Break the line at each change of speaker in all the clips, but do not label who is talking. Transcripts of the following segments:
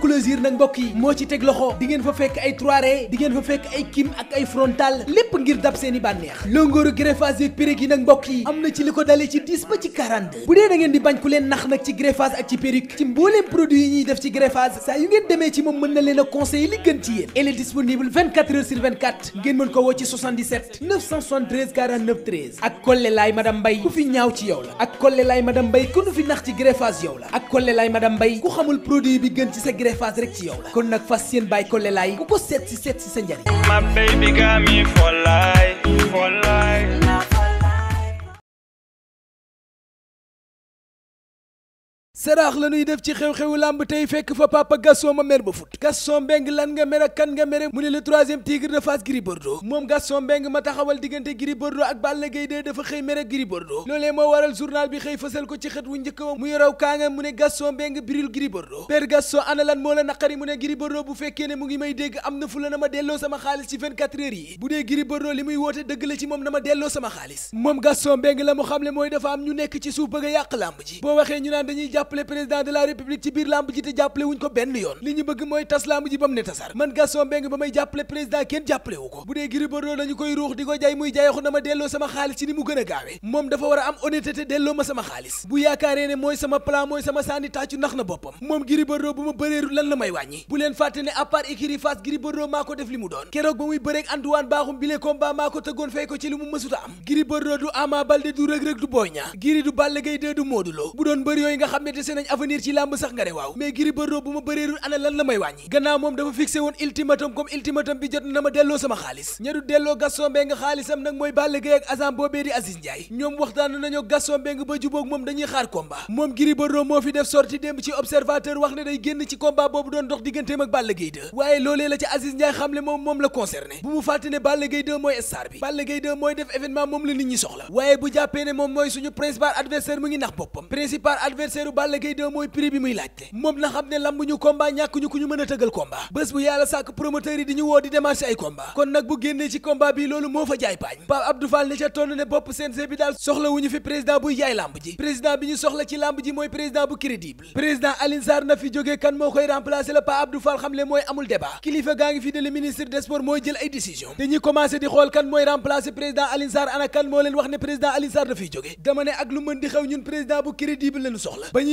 clôture nag mbokk yi moo ci teg loxo di ngeen fa fekk ay trois di ngeen fa fekk ay kim ak ay frontal lépp ngir dab seen bànneex longooru greffage yeeg périg yi nag mbokk yi am na ci li ko dalee ci 10 ba ci 42 bu dee da di bañ ku leen nax nag ci greffage ak ci périg ci mbooleem produit yi ñuy def ci greffage saa yu ngeen demee ci moom mën na leen a li gën ci yéen elle disponible ngeen mën ko woo ak Kolle laay madame Mbaye ku fi ñaaw Serigne Fass nag fas yéen bàyyi ko lelaay ku ko seet si seet si sa njariñ. My baby got me saraax la ñuy def ci xew-xewu làmb tey fekk fa papa Gaston ma mer ba fut Gaston Mbengue lan nga mer ak kan nga mere mu ne le troisième tigre de Fass Gris moom Gaston Mbengue ma taxawal diggante Gris Bordeaux ak Balla Gaye 2 dafa xëy mere Gris Bordeaux loolee moo waral journal bi xëy fësal ko ci xët wu njëkk wa mu yoraw kaanga mu ne Gaston Mbengue biril Gris Bordeaux père Gaston ana lan moo la naqari mu ne Gris bu fekkee ne mu ngi may dégg am na fu la na ma am ñu nekk ci suuf bëgg a yàq làmb ji boo waxee jàppale président de la république ci biir lamb ji te jàppale ko benn yoon li ñu bëgg mooy tas lamb ji ba mu ne tasar man Gaston Mbengue ba may jàppale président kenn jàppale ko bu dee Gris Bordeaux dañu koy ruux di ko jaay muy jayaxu na ma delloo sama xaalis ci ni mu gën a gaawee moom dafa war a am honnêteté delloo ma sama xaalis bu yaakaaree ne mooy sama plan mooy sama sànni tàccu nax na boppam moom Gris Bordeaux bu ma bëreeru lan la may wàññi bu leen manifesté nañ avenir ci làmb sax nga ne waaw mais Gris Bordeaux bu ma bëreerul ana lan la may wàññi gannaaw moom dafa fixé woon ultimatum comme ultimatum bi jot na ma delloo sama xaalis ña du delloo Gaston Mbengue xaalisam nag mooy Balla Gaye ak agent boobee di Aziz Ndiaye ñoom waxtaan nañoo Gaston Mbengue ba jubóog moom dañuy xaar combat moom Gris Bordeaux moo fi def sortie démb ci observateur wax ne day génn ci combat boobu doon dox digganteem ak Balla Gaye 2 waaye loolee la ci moom moom la concerné bu mu fàtte ne Balla mooy star bi moom la nit ñi soxla waaye bu jàppee ne moom mooy suñu principal adversaire mu Balla Gaye mooy prix bi muy laajte moom na xam ne lamb ñu combat ñàkk ku ñu mën a tëggal combat bés bu yàlla sàkk promoteur yi di ñu woo di démarché ay combat kon nag bu génnee ci combat bi loolu moo fa jaay paañ Pape Abdou Fall ne ca tonn ne bopp CNG bi daal ñu fi président buy jaay lamb ji président bi ñu soxla ci lamb ji mooy président bu crédible président Alioune Sarr na fi jógee kan moo koy remplacer la Pape Abdou Fall xam le mooy amul débat kilifa gaa ngi fi ne le ministre des sports mooy jël ay décision te ñuy commencé di xool kan mooy remplacer président Alioune Sarr ana kan moo leen wax ne président Alioune Sarr na fiy jóge dama ne ak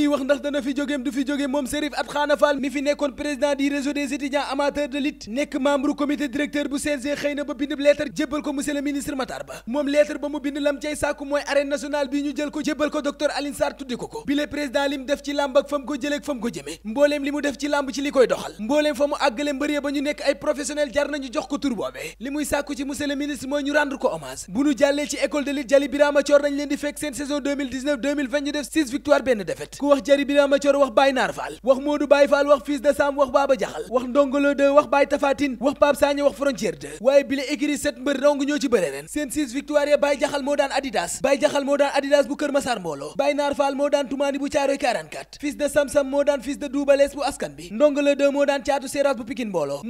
ñuy wax ndax dana fi jógeem du fi jóge moom Serif Atkhana Fall mi fi nekkoon président du réseau des étudiants amateurs de lutte nekk membre comité directeur bu CNG xëy na ba bindub lettre jébbal ko monsieur ministre Matar Ba moom lettre ba mu bind lam cay sàkku mooy arène nationale bi ñu jël ko jébbal ko docteur Alioune Sarr tudde ko ko bile président lim def ci làmb ak fam ko jëlee ak fam ko jëmee mbooleem li mu def ci làmb ci li koy doxal wax jëri Birama Thior wax Baye Naar Fall wax Modou de Sam wax Baba Jaxal wax Ndongolo wax Baye Tafatine wax Pape Sagna wax Frontière 2 waaye bi la écrit mbër dong ñoo ci bëre seen six victoire ya Baye Jaxal moo daan Adidas Baye Jaxal moo daan Adidas bu Kër Massar mbooloo Baye Naar moo daan Toumani bu Caaroy 44 Fils de Sam moo daan Fils de Doubales bu askan bi Ndongolo moo daan Caatu Seras bu Pikine mbooloo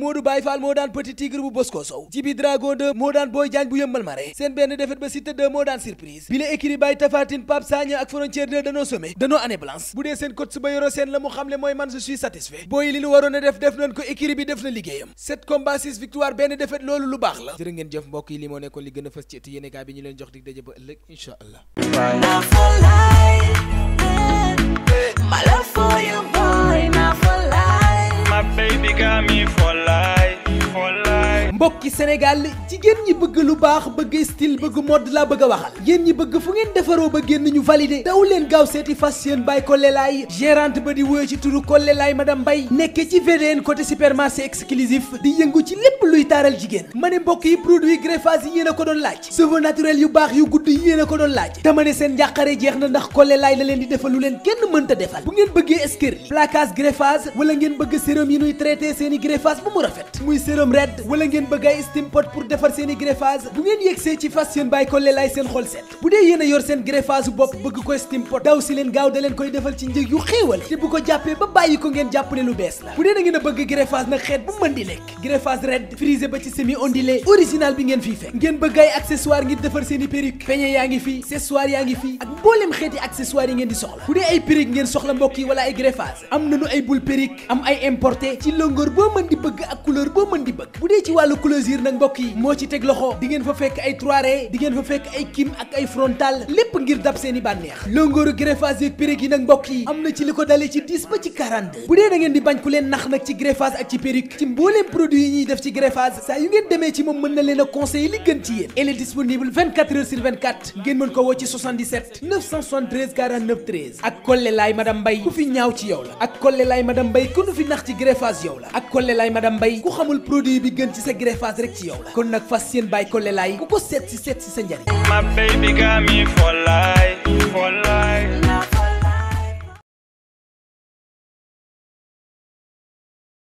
Modou bu dee seen coach ba Yoro la mu xamle mooy man je satisfait booyi li ñu waroon a def def nañ ko écurie bi def na liggéeyam sept combats six victoire benn défaite loolu lu baax la jërë ngeen jëf mbokk yi li moo nekkoon li gën a fës ci ëtt yéenekaay bi ñu leen jox dig daje ba ëllëg incha allah mbokki Sénégal jigéen ñi bëgg lu baax bëgg style bëgg mode laa bëgg a waxal yéen bëgg fu ngeen defaroo ba génn ñu validé daw leen gaaw seeti fas yéen bay Kolelay gérante ba di woy ci turu Kolelay madame bay nekkee ci VDN côté supermarché exclusif di yëngu ci lépp luy taaral jigéen ma ne mbokk yi produit greffage yi yéen a ko doon laaj cheveux naturel yu baax yu gudd yi yéen a ko doon laaj dama ne seen njàqare jeex na ndax Kolelay la leen di defal leen kenn mënta defal bu ngeen bëggee escrit plaquage greffage wala ngeen bëgg sérum yi nuy traité seen i greffage bu wala ngeen ngeen bëgg ay pour defar seen i greffage bu ngeen yegsee ci fas yéen bàyyi ko lelaay seen xol set bu dee yéen yor seen greffage bopp bëgg koy steam daw si leen gaaw da koy defal ci njëg yu xéewal te bu ko jàppee ba bàyyi ko ngeen jàpp lu bees la bu dee da ngeen bëgg greffage nag xeet bu mën di lekk greffage red frisé ba ci semi ondulé original bi ngeen fii fekk ngeen bëgg ay accessoire ngir defar seen i peñe yaa ngi fii accessoire clôture nag mbokk yi moo ci teg loxo di fa fekk ay trois di ngeen fa fekk ay kim ak ay frontal lépp ngir dab seen bànneex longooru greffage yeeg perruque yi nag mbokk yi am na ci li ko dalee ci 10 ba ci 42 bu dee da di bañ ku leen nax nag ci greffage ak ci perruque ci mbooleem produit yi ñuy def ci greffage saa yu ngeen demee ci moom mën na leen a li gën ci yéen elle disponible ngeen mën ko woo ci 77 973 49 13 ak ku fi ñaaw greffage rek ci nag fas yéen bàyyi ko lelaay ku ko seet si seet si sa njëriñ. My